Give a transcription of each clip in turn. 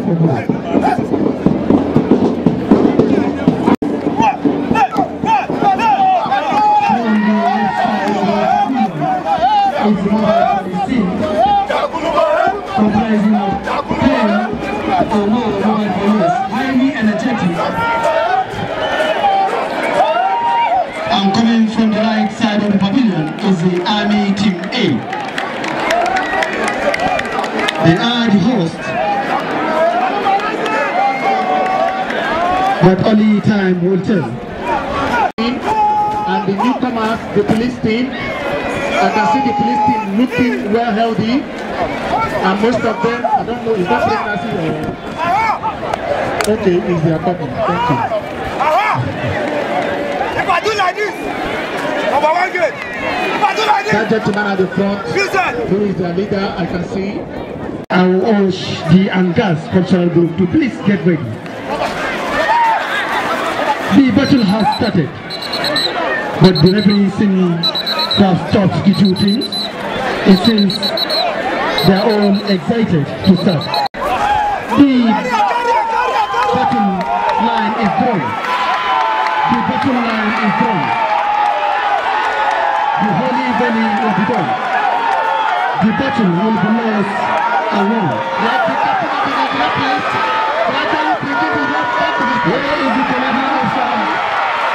Thank you. will tell. And the newcomers, the police team, I can see the police team looking well healthy. And most of them, I don't know, is that pregnancy or... Okay, is their coming. Thank you. If I do like this, over one good. If I do like this... That gentleman at the front, who is their leader, I can see. I will urge the Angas cultural group to please get ready. The battle has started, but the revenue seems to have stopped executing. It seems they are all excited to start. The battle line is drawn. The battle line is drawn. The holy valley will be done. The battle will be lost and Where is the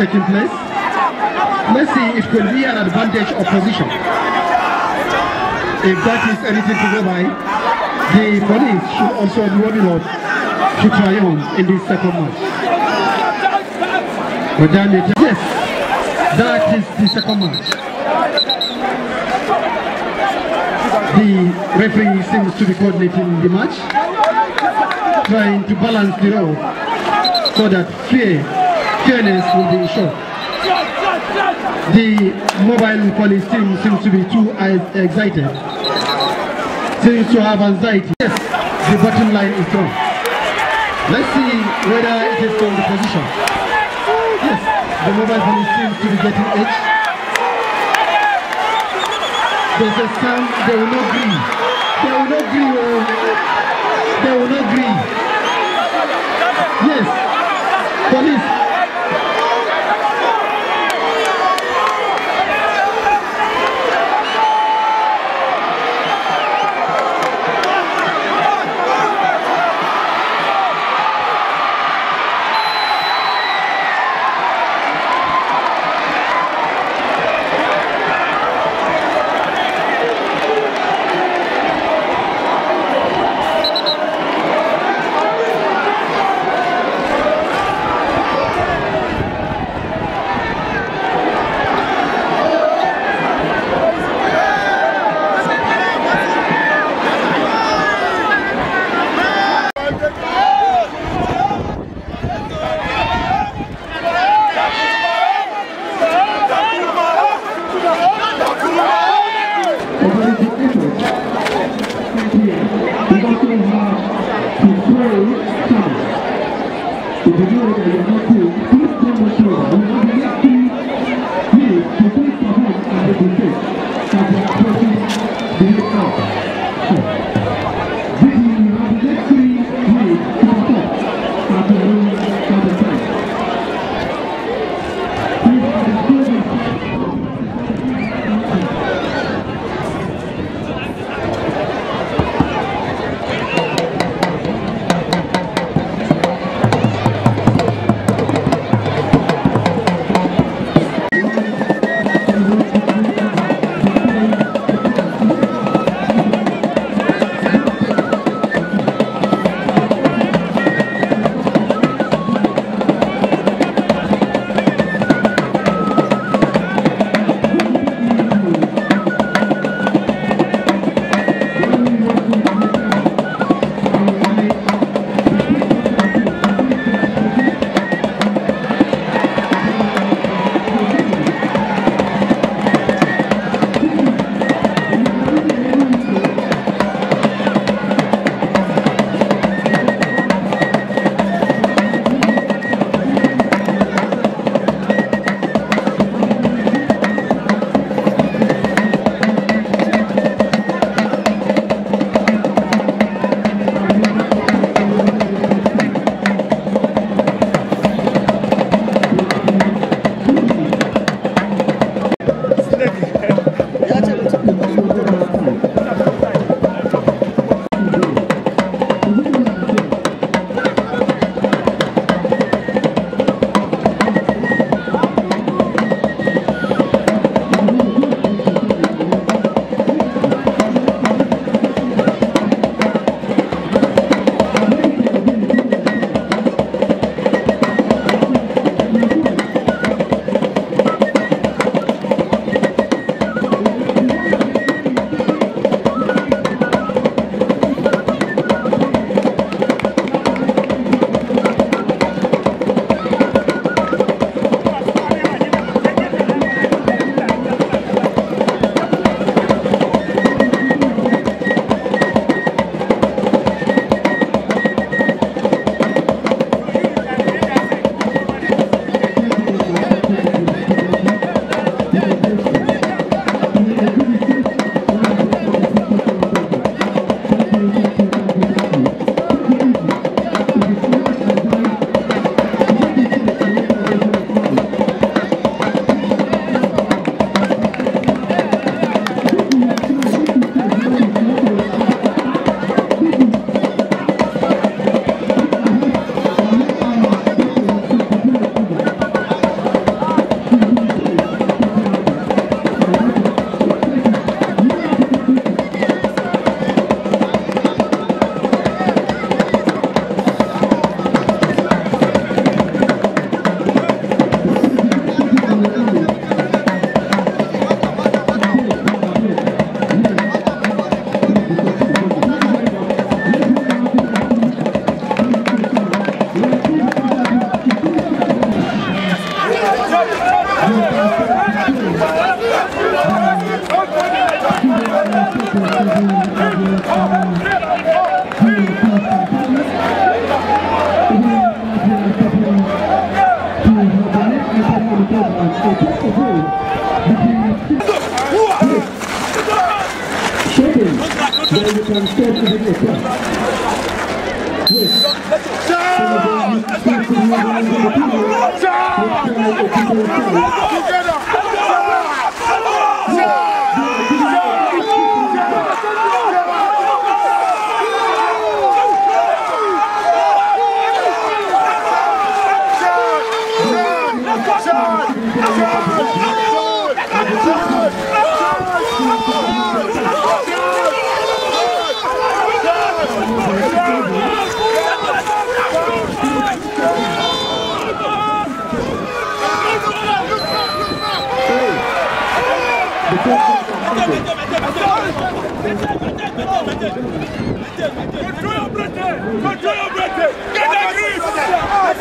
taking place. Let's see, it could be an advantage of position. If that is anything to go by, the police should also be warming up to try on in this second match. But then it, yes, that is the second match. The referee seems to be coordinating the match, trying to balance the road so that fear fairness will be ensured. The mobile police team seems to be too excited, seems to have anxiety. Yes, the bottom line is gone. Let's see whether it is from the position. Yes, the mobile police seems to be getting edge. There's a stand, they will not agree. They will not agree. Oh. They will not agree. Yes, police. video Shipping, then becomes 30 degrees plus. Yes. Control your breathing! Control your breathing! Get a grip!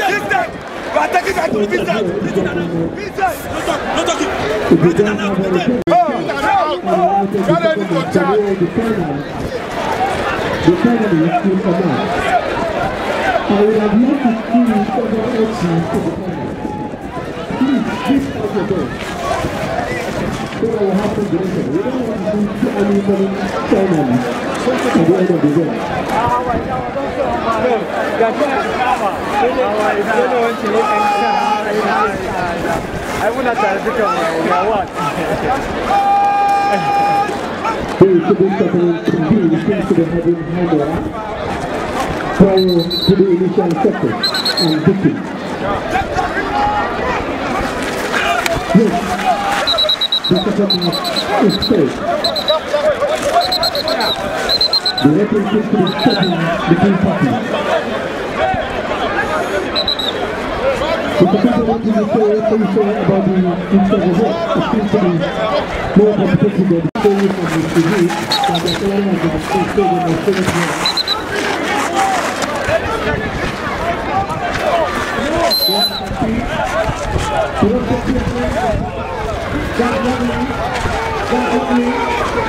This time! We're attacking that to this time! This time! This time! No talk! No talking! Breathe it out! Breathe it out! Get ready for charge! The family is still alive. I would have loved to see you cover options for the family. Please, please help your dog. So I will have to do so. We don't want to do too many, many ceremonies. Thank you. should be the initial and The reference is to be stopping between parties. If the people wanting to say anything about the future results, it seems to be more competition than the story from this disease, but the plan of the school stadium is still here. Thank you.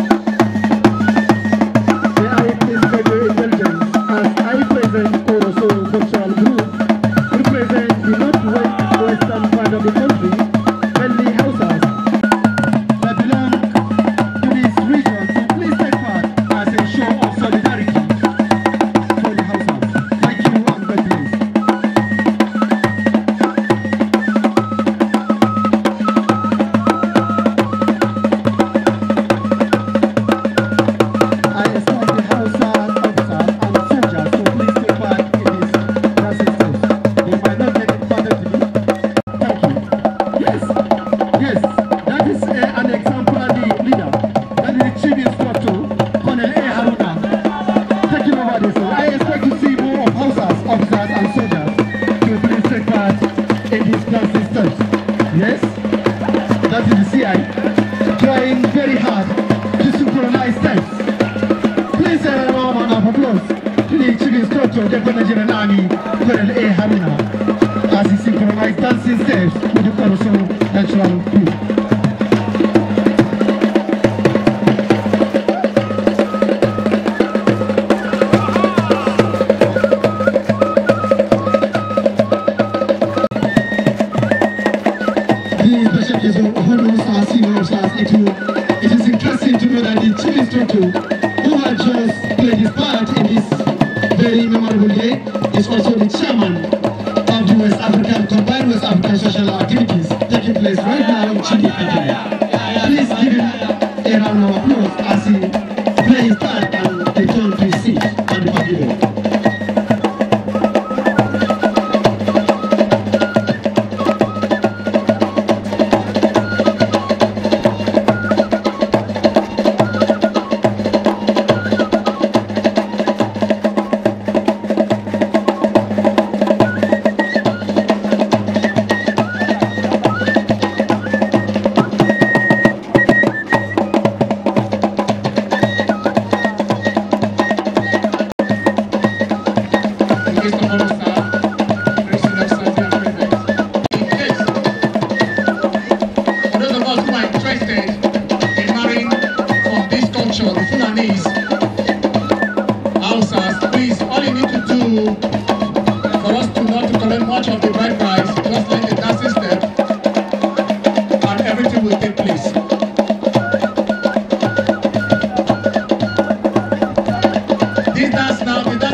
i A. Hamina as you synchronized dancing steps with the place right now now with that.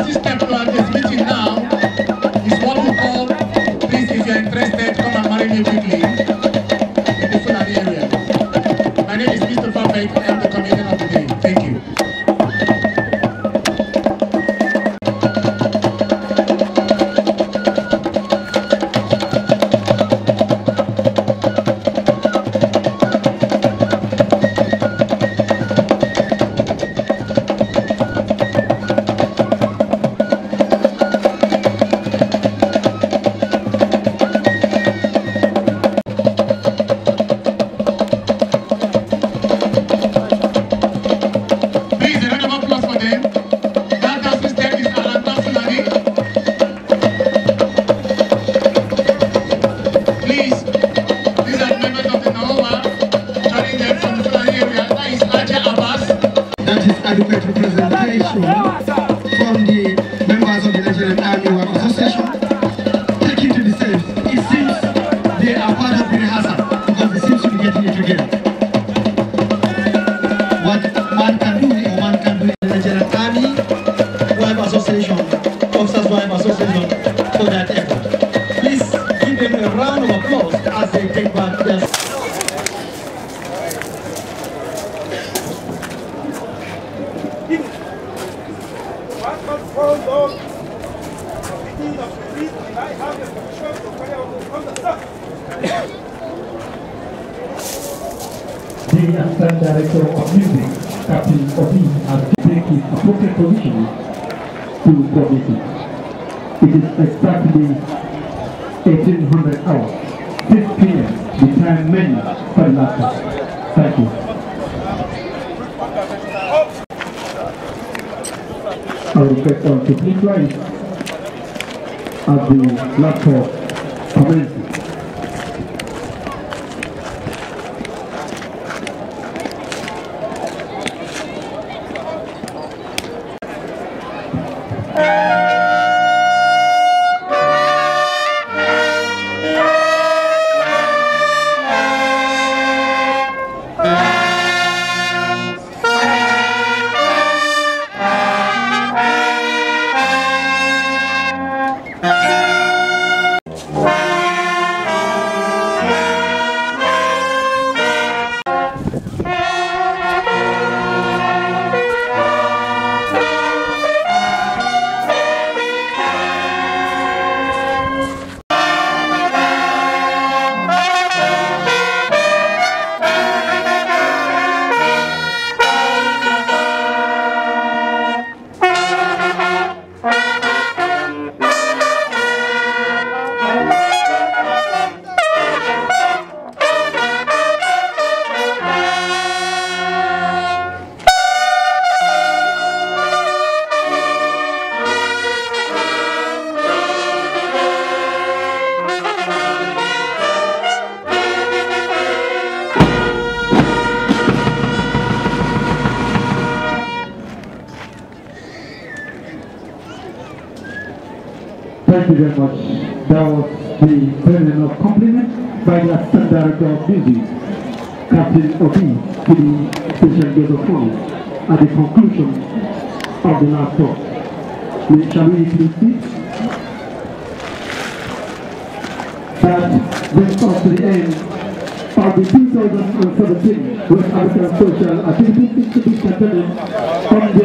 谢谢谢 a appropriate position to committee. It is exactly 1800 hours, 6 p.m., the time for the last Thank you. I request on to please rise at the laptop commence Thank you very much. That was the burden of compliment by the Assistant Director of Music, Captain Obi, to the special guest of honor at the conclusion of the last talk. We Shall we please sit? That brings us to the end of the 2017 West African Social Activity Exhibition from